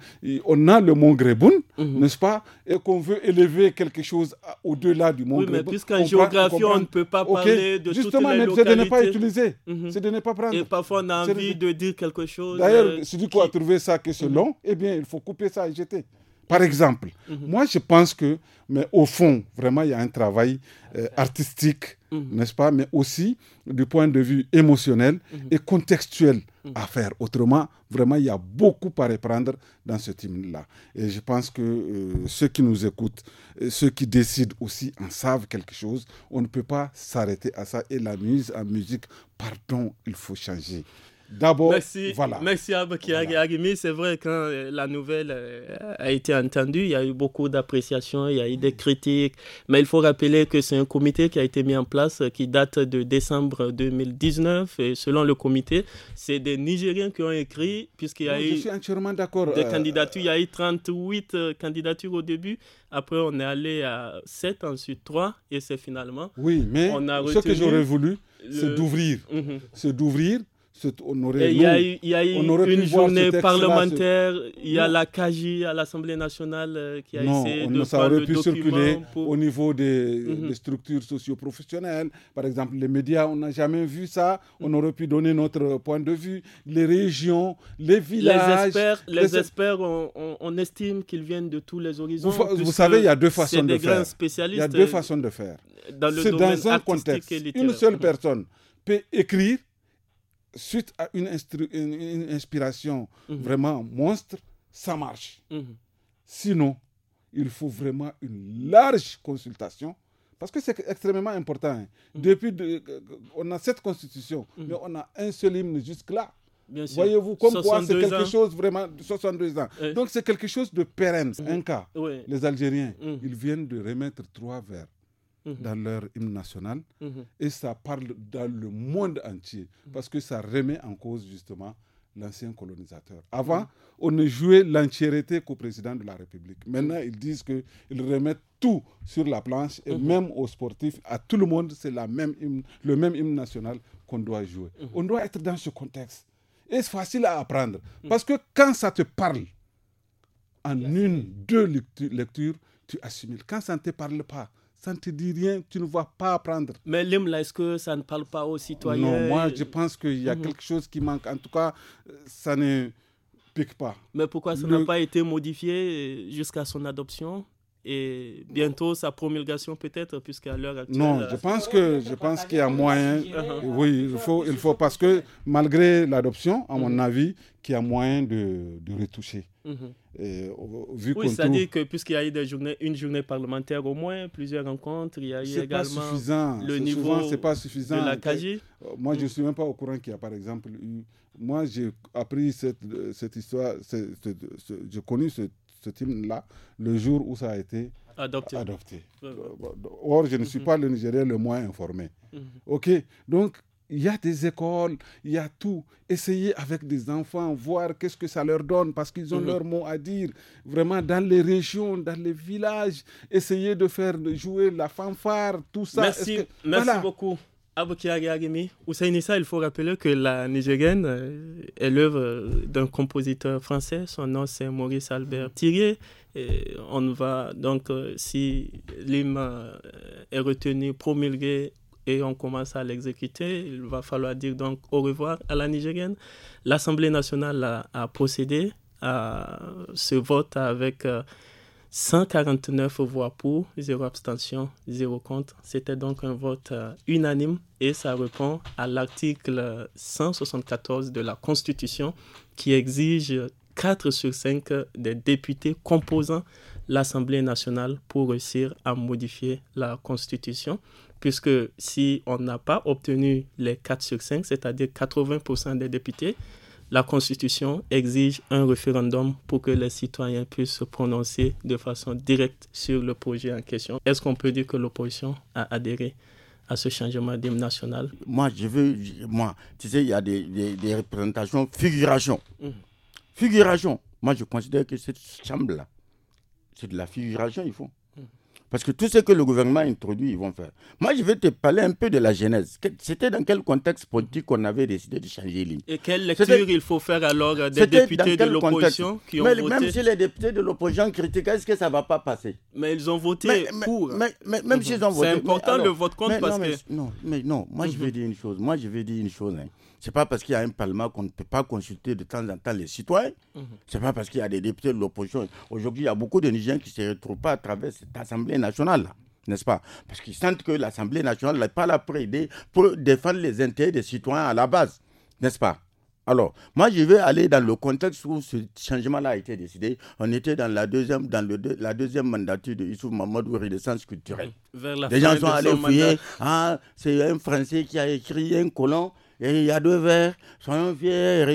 on a le mont Gréboun, mhm. n'est-ce pas, et qu'on veut élever quelque chose au-delà du mont oui, mais puisqu'en géographie, on, ne peut pas parler de Justement, toutes les Justement, c'est de ne pas utiliser, mhm. c'est de ne pas prendre. Et parfois, on a envie de... dire quelque chose. D'ailleurs, euh, celui qui a trouvé ça que c'est long, eh bien, il faut couper ça et jeter. Par exemple, mhm. moi je pense que, mais au fond, vraiment, il y a un travail euh, artistique, mhm. n'est-ce pas, mais aussi du point de vue émotionnel mhm. et contextuel à faire. Autrement, vraiment, il y a beaucoup à reprendre dans ce team là Et je pense que euh, ceux qui nous écoutent, euh, ceux qui décident aussi en savent quelque chose. On ne peut pas s'arrêter à ça. Et la mise en musique, pardon, il faut changer. D'abord, merci, voilà. merci à C'est vrai, quand euh, la nouvelle euh, a été entendue, il y a eu beaucoup d'appréciation il y a eu des critiques. Mais il faut rappeler que c'est un comité qui a été mis en place euh, qui date de décembre 2019. Et selon le comité, c'est des Nigériens qui ont écrit, puisqu'il y a eu. d'accord. Des candidatures. Il y a eu 38 candidatures au début. Après, on est allé à 7, ensuite 3. Et c'est finalement. Oui, mais ce que j'aurais voulu, c'est d'ouvrir. Mhm. C'est d'ouvrir on aurait, il y a eu, il y a une journée parlementaire, il y a la CAGI à l'Assemblée nationale euh, qui a essayé de ça aurait pu circuler au niveau mhm. des, structures socioprofessionnelles. Par exemple, les médias, on n'a jamais vu ça. On mhm. aurait pu donner notre point de vue. Les régions, les villages. Les experts, les, on, estime qu'ils viennent de tous les horizons. Vous, savez, il y a deux façons de faire. Il y a deux euh, façons de faire. C'est dans un contexte. Une seule mhm. personne peut écrire suite à une, inspiration mhm. vraiment monstre, ça marche. Mhm. Sinon, il faut vraiment une large consultation. Parce que c'est extrêmement important. Hein. Mhm. Depuis, on a cette constitution, mais on a un seul hymne jusque-là. Voyez-vous, comme quoi c'est quelque chose vraiment de 62 ans. Donc c'est quelque chose de pérenne. Un cas, les Algériens, ils viennent de remettre trois vers. Mhm. dans leur hymne national mhm. et ça parle dans le monde entier mhm. parce que ça remet en cause justement l'ancien colonisateur. Avant, on ne jouait l'entièreté qu'au président de la République. Maintenant, ils disent qu'ils remettent tout sur la planche et même aux sportifs, à tout le monde, c'est même le même hymne national qu'on doit jouer. On doit être dans ce contexte. Et c'est facile à apprendre parce que quand ça te parle, en une, deux lectures, tu assimiles. Quand ça ne te parle pas, ça ne te dit rien, tu ne vois pas apprendre. Mais l'hymne-là, est-ce que ça ne parle pas aux citoyens Non, moi je pense qu'il y a mhm. quelque chose qui manque. En tout cas, euh, ça ne pique pas. Mais pourquoi ça n'a pas été modifié jusqu'à son adoption et bientôt sa promulgation peut-être puisqu'à l'heure actuelle non euh, je pense que je pense qu'il y a moyen oui il faut il faut parce que malgré l'adoption à mon mhm. avis qu'il y a moyen de, de retoucher mhm. oui c'est à dire que puisqu'il y a eu des journées une journée parlementaire au moins plusieurs rencontres il y a eu également pas suffisant. le niveau c'est pas suffisant de la CAGI euh, moi je mhm. suis même pas au courant qu'il y a par exemple eu moi j'ai appris cette, cette histoire j'ai connu je connais cette ce hymne-là le jour où ça a été adopté. Or, je ne suis mhm. pas le Nigérien le moins informé. Mhm. OK Donc, il y a des écoles, il y a tout. Essayez avec des enfants, voir qu'est-ce que ça leur donne, parce qu'ils ont mhm. leur mot à dire. Vraiment, dans les régions, dans les villages, essayez de faire jouer la fanfare, tout ça. Merci, beaucoup il faut rappeler que la Nigérienne euh, est l'œuvre euh, d'un compositeur français. Son nom, c'est Maurice Albert Thierry. on va donc, euh, si l'hymne est retenu, promulgué et on commence à l'exécuter, il va falloir dire donc au revoir à la Nigérienne. L'Assemblée nationale a, procédé à ce vote avec. 149 voix pour, 0 abstention, 0 contre. C'était donc un vote euh, unanime et ça répond à l'article 174 de la Constitution qui exige 4 sur 5 des députés composant l'Assemblée nationale pour réussir à modifier la Constitution. Puisque si on n'a pas obtenu les 4 sur 5, c'est-à-dire 80% des députés, la Constitution exige un référendum pour que les citoyens puissent se prononcer de façon directe sur le projet en question. Est-ce qu'on peut dire que l'opposition a adhéré à ce changement d'hymne national Moi, je veux. Moi, tu sais, il y a des, représentations, figuration. Mm. Figuration. Moi, je considère que cette chambre-là, c'est de la figuration, il faut. Parce que tout ce que le gouvernement introduit, ils vont faire. Moi, je vais te parler un peu de la genèse. C'était dans quel contexte politique qu'on avait décidé de changer ligne Et quelle lecture il faut faire alors des députés de l'opposition qui ont mais, Même si les députés de l'opposition critiquent, est-ce que ça ne va pas passer Mais ils ont voté mais, pour. même ont voté. C'est important le vote contre parce que. Non, mais non, moi je vais dire une chose. Moi je vais dire une chose. Hein n'est pas parce qu'il y a un Parlement qu'on ne peut pas consulter de temps en temps les citoyens. Ce mhm. C'est pas parce qu'il y a des députés de l'opposition. Aujourd'hui, il y a beaucoup de Nigériens qui ne se retrouvent pas à travers cette Assemblée nationale. n'est-ce pas Parce qu'ils sentent que l'Assemblée nationale n'est pas là pour aider, pour défendre les intérêts des citoyens à la base, n'est-ce pas alors, moi, je vais aller dans le contexte où ce changement-là a été décidé. On était dans la deuxième, dans le la deuxième mandature de Issouf Mahmoud ou Renaissance culturelle. Mhm. Vers Les gens sont allés fouiller. Ah, c'est un Français qui a écrit un colon. Et il y a deux vers, soyons fiers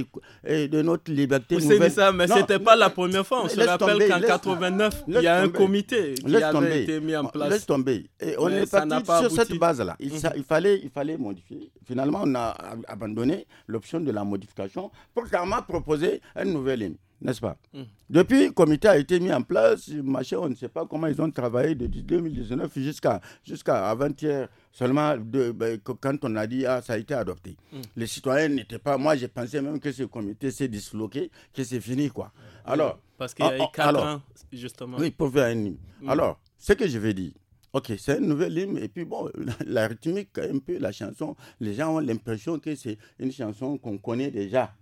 et de notre liberté. Vous savez ça, mais ce n'était pas la première fois. On se rappelle qu'en 89, il y a un comité qui avait été mis en place. Laisse tomber. Et on est parti sur cette base-là. Mhm. Il, fallait, il fallait modifier. Finalement, on a abandonné l'option de la modification pour carrément proposer une nouvelle ligne n'est-ce pas mm. Depuis, le comité a été mis en place, machin, on ne sait pas comment ils ont travaillé de 2019 jusqu'à jusqu'à avant-hier, seulement de, ben, quand on a dit, ah, ça a été adopté. Mm. Les citoyens n'étaient pas, moi je pensais même que ce comité s'est disloqué, que c'est fini, quoi. Alors... Parce qu'il y a ah, eu ah, justement. Oui, pour faire un mm. Alors, ce que je vais dire, ok, c'est une nouvelle hymne, et puis bon, la, la rythmique, un peu la chanson, les gens ont l'impression que c'est une chanson qu'on connaît déjà,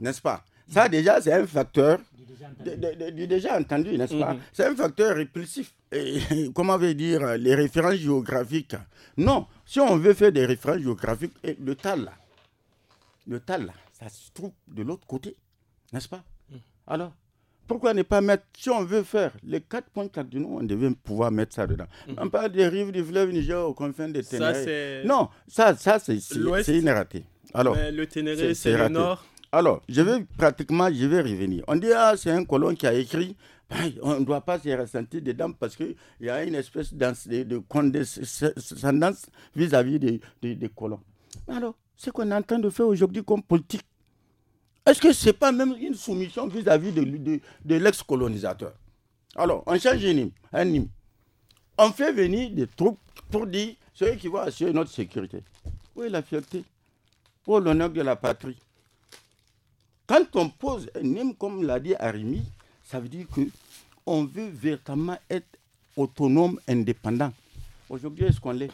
n'est-ce pas ça, déjà, c'est un facteur du déjà, entendu, n'est-ce pas mm-hmm. C'est un facteur répulsif. Et, comment veut dire les références géographiques Non, si on veut faire des références géographiques, le tal le tal ça se trouve de l'autre côté, n'est-ce pas mm. Alors, pourquoi ne pas mettre, si on veut faire les 4.4 du cardinaux, on devait pouvoir mettre ça dedans. Mm-hmm. On parle des rives du fleuve Niger au confins des Ténéré. Non, ça, ça c'est une Alors, le Ténéré, c'est le nord. Alors, je vais pratiquement, je vais revenir. On dit, ah, c'est un colon qui a écrit, on ne doit pas se ressentir dedans parce qu'il y a une espèce de, de condescendance vis-à-vis des, colons. Alors, ce qu'on est en train de faire aujourd'hui comme politique, est-ce que ce n'est pas même une soumission vis-à-vis de, l'ex-colonisateur Alors, on change un hymne, On fait venir des troupes pour dire ceux qui vont assurer notre sécurité. Où la fierté pour l'honneur de la patrie quand on pose un nom comme l'a dit Arimi, ça veut dire que on veut véritablement être autonome, indépendant. Aujourd'hui, est-ce qu'on l'est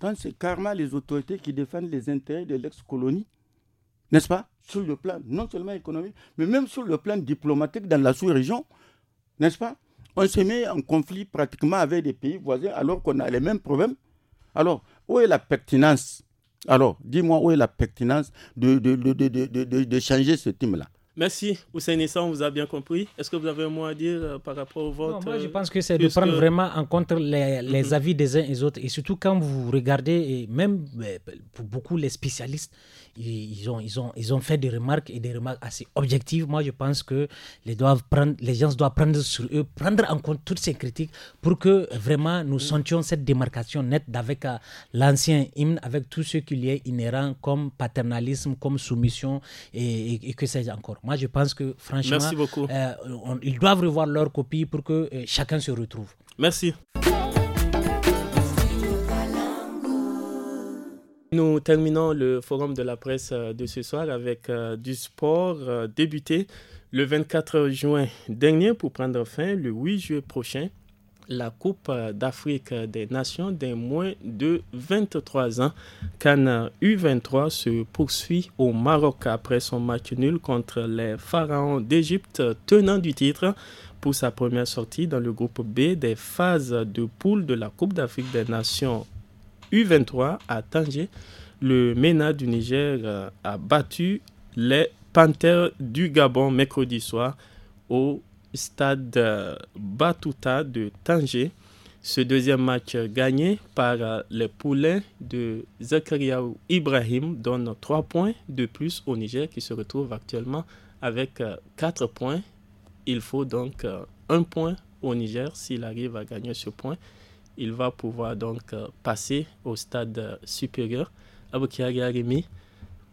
Quand c'est carrément les autorités qui défendent les intérêts de l'ex-colonie, n'est-ce pas Sur le plan non seulement économique, mais même sur le plan diplomatique dans la sous-région, n'est-ce pas On se met en conflit pratiquement avec des pays voisins alors qu'on a les mêmes problèmes. Alors, où est la pertinence alors, dis-moi où est la pertinence de, de, changer ce thème-là Merci, Ousseinissa, on vous a bien compris. Est-ce que vous avez un mot à dire euh, par rapport au vote Moi, je euh, pense que c'est de prendre vraiment en compte les, mhm. avis des uns et des autres. Et surtout quand vous regardez, même euh, pour beaucoup les spécialistes, ils ont, ils, ont, ils ont fait des remarques et des remarques assez objectives. Moi, je pense que les, doivent prendre, les gens doivent prendre sur eux, prendre en compte toutes ces critiques pour que vraiment nous sentions cette démarcation nette avec euh, l'ancien hymne, avec tout ce qu'il y est inhérent comme paternalisme, comme soumission et, que sais-je encore. Moi, je pense que franchement, euh, ils doivent revoir leur copie pour que euh, chacun se retrouve. Merci. Nous terminons le forum de la presse euh, de ce soir avec euh, du sport euh, débuté le 24 juin dernier pour prendre fin le 8 juillet prochain. La Coupe d'Afrique des Nations des moins de 23 ans, Cannes U23, se poursuit au Maroc après son match nul contre les Pharaons d'Égypte, tenant du titre pour sa première sortie dans le groupe B des phases de poule de la Coupe d'Afrique des Nations U23 à Tanger, le MENA du Niger euh, a battu les Panthères du Gabon mercredi soir au stade euh, Batuta de Tanger. Ce deuxième match gagné par euh, les Poulets de Zakaria Ibrahim donne 3 points de plus au Niger qui se retrouve actuellement avec 4 points. Il faut donc un point au Niger s'il arrive à gagner ce point il va pouvoir donc euh, passer au stade euh, supérieur. Aboukiaga Rémi,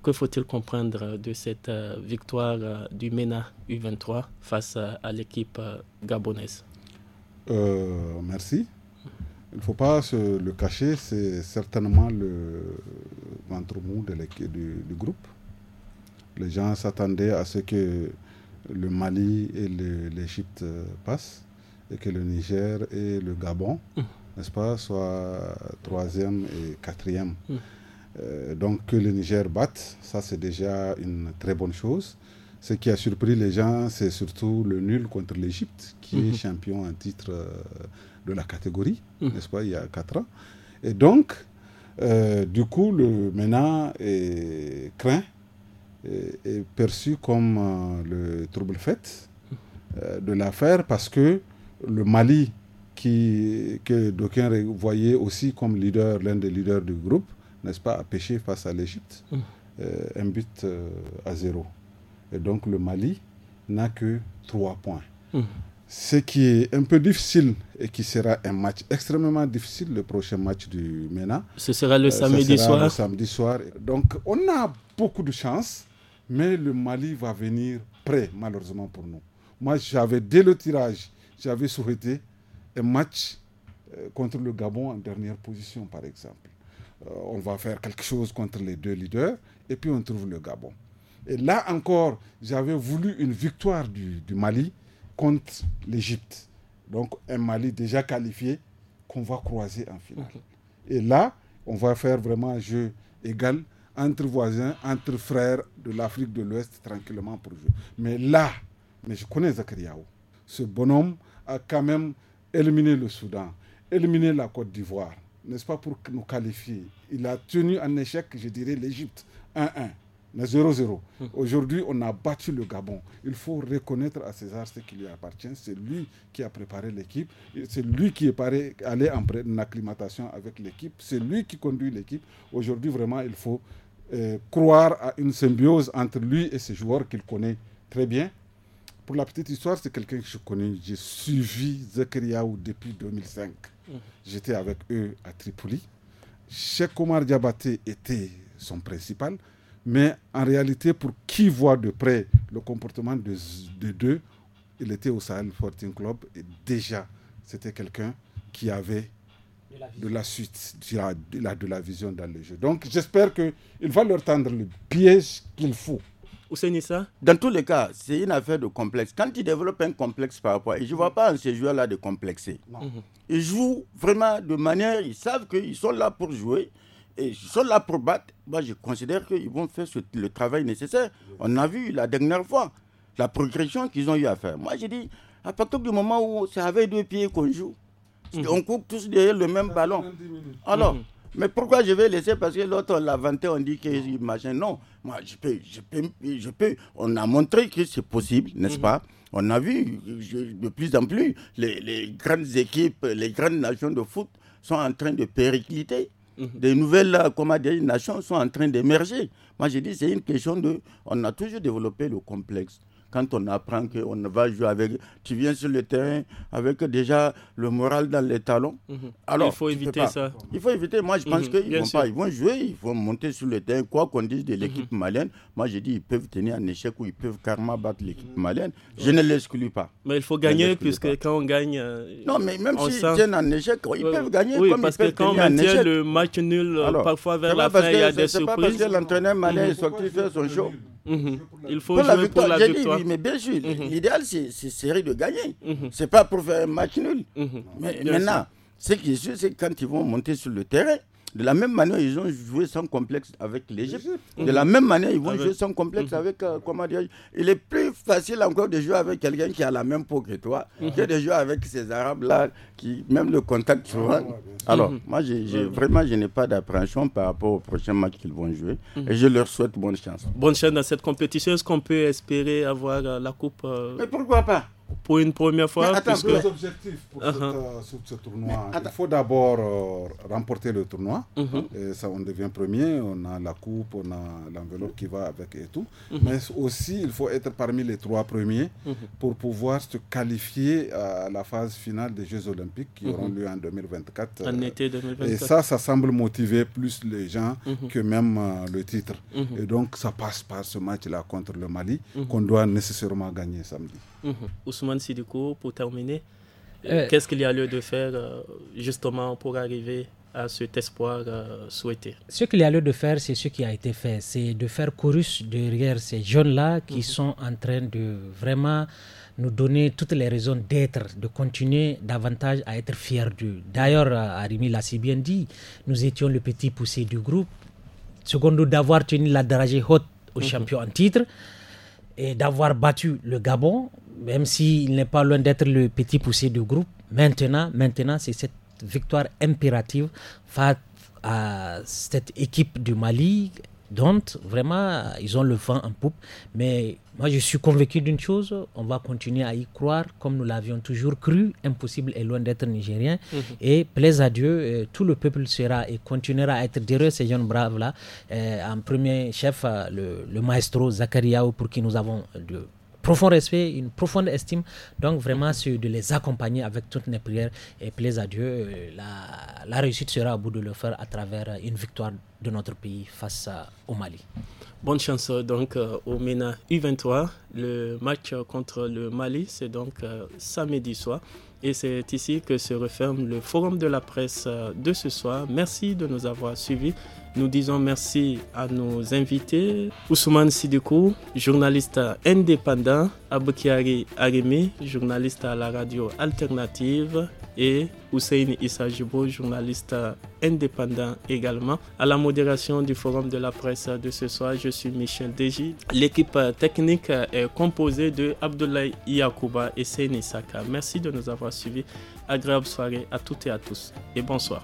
que faut-il comprendre de cette euh, victoire du MENA U23 face à l'équipe gabonaise Merci. Il ne faut pas se le cacher, c'est certainement le ventre mou de du, du, groupe. Les gens s'attendaient à ce que le Mali et l'Égypte passent, et que le Niger et le Gabon hum n'est-ce pas, soit troisième et quatrième. Hmm. Euh, donc que le Niger batte, ça c'est déjà une très bonne chose. Ce qui a surpris les gens, c'est surtout le nul contre l'Égypte, qui est hmm. champion en titre euh, de la catégorie, hmm. n'est-ce pas, il y a quatre ans. Et donc, euh, du coup, le MENA est craint, est, perçu comme le trouble fait de l'affaire parce que le Mali qui, que d'aucuns voyaient aussi comme leader, l'un des leaders du groupe, n'est-ce pas, à pêcher face à l'Égypte, mm. euh, un but euh, à zéro. Et donc le Mali n'a que trois points. Mm. Ce qui est un peu difficile et qui sera un match extrêmement difficile, le prochain match du MENA. Ce sera le euh, samedi sera soir. Le samedi soir. Donc on a beaucoup de chance, mais le Mali va venir prêt, malheureusement pour nous. Moi, j'avais dès le tirage, j'avais souhaité match euh, contre le Gabon en dernière position, par exemple. Euh, on va faire quelque chose contre les deux leaders et puis on trouve le Gabon. Et là encore, j'avais voulu une victoire du, Mali contre l'Égypte. Donc un Mali déjà qualifié qu'on va croiser en finale. Et là, on va faire vraiment un jeu égal entre voisins, entre frères de l'Afrique de l'Ouest, tranquillement pour jouer. Mais là, mais je connais Zakariao. Ce bonhomme a quand même éliminer le Soudan, éliminer la Côte d'Ivoire, n'est-ce pas, pour nous qualifier. Il a tenu en échec, je dirais, l'Égypte 1-1. 0-0. Hum. Aujourd'hui, on a battu le Gabon. Il faut reconnaître à César ce qui lui appartient. C'est lui qui a préparé l'équipe. C'est lui qui est allé en, acclimatation avec l'équipe. C'est lui qui conduit l'équipe. Aujourd'hui, vraiment, il faut euh, croire à une symbiose entre lui et ses joueurs qu'il connaît très bien. Pour la petite histoire, c'est quelqu'un que je connais. J'ai suivi Zakariaou depuis 2005. J'étais avec eux à Tripoli. Cheikh Omar Diabaté était son principal. Mais en réalité, pour qui voit de près le comportement de, deux, il était au Sahel 14 Club et déjà, c'était quelqu'un qui avait de la, suite, de la, de la, vision dans le jeu. Donc j'espère qu'il va leur tendre le piège qu'il faut ça Dans tous les cas, c'est une affaire de complexe. Quand il développe un complexe par rapport, et je ne vois pas ces joueurs-là de complexer. Mhm. Ils jouent vraiment de manière, ils savent qu'ils sont là pour jouer. Et ils sont là pour battre, moi je considère qu'ils vont faire le travail nécessaire. On a vu la dernière fois la progression qu'ils ont eu à faire. Moi je dis à partir du moment où c'est avec deux pieds qu'on joue, mhm. on court tous derrière le même ballon. Alors, mhm. Mais pourquoi je vais laisser Parce que l'autre, on l'a vanté, on dit que... machin. Non, moi, je peux, je peux, On a montré que c'est possible, n'est-ce mhm. pas On a vu de plus en plus les, grandes équipes, les grandes nations de foot sont en train de péricliter. Mhm. Des nouvelles euh, comment nations sont en train d'émerger. Moi, je dis, c'est une question de. On a toujours développé le complexe quand on apprend qu'on va jouer avec. Tu viens sur le terrain avec déjà le moral dans les talons. Mhm. Alors, il faut éviter ça. Il faut éviter. Moi, je pense mhm. qu'ils vont pas. Ils vont jouer, ils vont monter sur le terrain. Quoi qu'on dise de mhm. l'équipe malienne, moi, je dis ils peuvent tenir un échec ou ils peuvent carrément battre l'équipe malienne. Je ne l'exclus pas. Mais il faut gagner, puisque quand on gagne. Euh, non, mais même s'ils tiennent un échec, ils peuvent gagner. parce que quand on le match nul, euh, parfois vers la fin, il y a des surprises. C'est pas parce que l'entraîneur malien est sorti faire son show. Mhm. Il faut pour jouer la victoire. pour la dit, mais bien sûr, mhm. l'idéal, c'est, de gagner. Ce mhm. C'est pas pour faire un match nul. Mais maintenant, ce qui est sûr, c'est quand ils vont monter sur le terrain, de la même manière, ils ont joué sans complexe avec l'Égypte. De la même manière, ils vont jouer sans complexe mhm. avec, euh, comment dire, il est plus facile encore de jouer avec quelqu'un qui a la même peau que toi mhm. que de jouer avec ces Arabes-là qui, même le contact ah, souvent. Alors, mhm. moi, vraiment, je n'ai pas d'appréhension par rapport au prochain match qu'ils vont jouer et je leur souhaite bonne chance. Bonne chance dans cette compétition. Est-ce qu'on peut espérer avoir euh, la Coupe euh, Mais pourquoi pas pour une première fois. Mais attends, deux objectifs pour uh-huh. euh, ce tournoi. Il faut d'abord euh, remporter le tournoi. Uh-huh. et ça, on devient premier. On a la coupe, on a l'enveloppe qui va avec et tout. Uh-huh. Mais aussi, il faut être parmi les trois premiers pour pouvoir se qualifier à la phase finale des Jeux Olympiques qui auront lieu en 2024. En été 2024. Euh, et ça, ça semble motiver plus les gens que même le titre. Et donc, ça passe par ce match-là contre le Mali qu'on doit nécessairement gagner samedi. Mhm. Ousmane Sidiko, pour terminer, euh, euh, qu'est-ce qu'il y a lieu de faire euh, justement pour arriver à cet espoir souhaité Ce qu'il y a lieu de faire, c'est ce qui a été fait. C'est de faire chorus derrière ces jeunes-là qui mhm. sont en train de vraiment nous donner toutes les raisons d'être, de continuer davantage à être fiers d'eux. D'ailleurs, Arimi l'a si bien dit, nous étions le petit poussé du groupe, secondo d'avoir tenu la dragée haute au mhm. champion en titre et d'avoir battu le Gabon même s'il n'est pas loin d'être le petit poussé du groupe, maintenant, maintenant c'est cette victoire impérative face à cette équipe du Mali dont vraiment ils ont le vent en poupe. Mais moi je suis convaincu d'une chose, on va continuer à y croire comme nous l'avions toujours cru, impossible et loin d'être nigérien. Mhm. Et plaise à Dieu, euh, tout le peuple sera et continuera à être derrière ces jeunes braves-là. Euh, en premier chef, euh, le, maestro Zakaria pour qui nous avons de profond respect, une profonde estime. Donc vraiment, c'est de les accompagner avec toutes nos prières et plaise à Dieu. Euh, la, réussite sera au bout de le faire à travers une victoire de notre pays face au Mali. Bonne chance donc euh, au MENA U23. Le match contre le Mali, c'est donc euh, samedi soir. Et c'est ici que se referme le forum de la presse de ce soir. Merci de nous avoir suivis. Nous disons merci à nos invités, Ousmane Sidikou, journaliste indépendant, Aboukiari Arimi, journaliste à la radio alternative, et Hussein Issajibo, journaliste indépendant également. À la modération du Forum de la presse de ce soir, je suis Michel Deji. L'équipe technique est composée de Abdoulaye Yakouba et Seyni Saka. Merci de nous avoir suivis. Agréable soirée à toutes et à tous et bonsoir.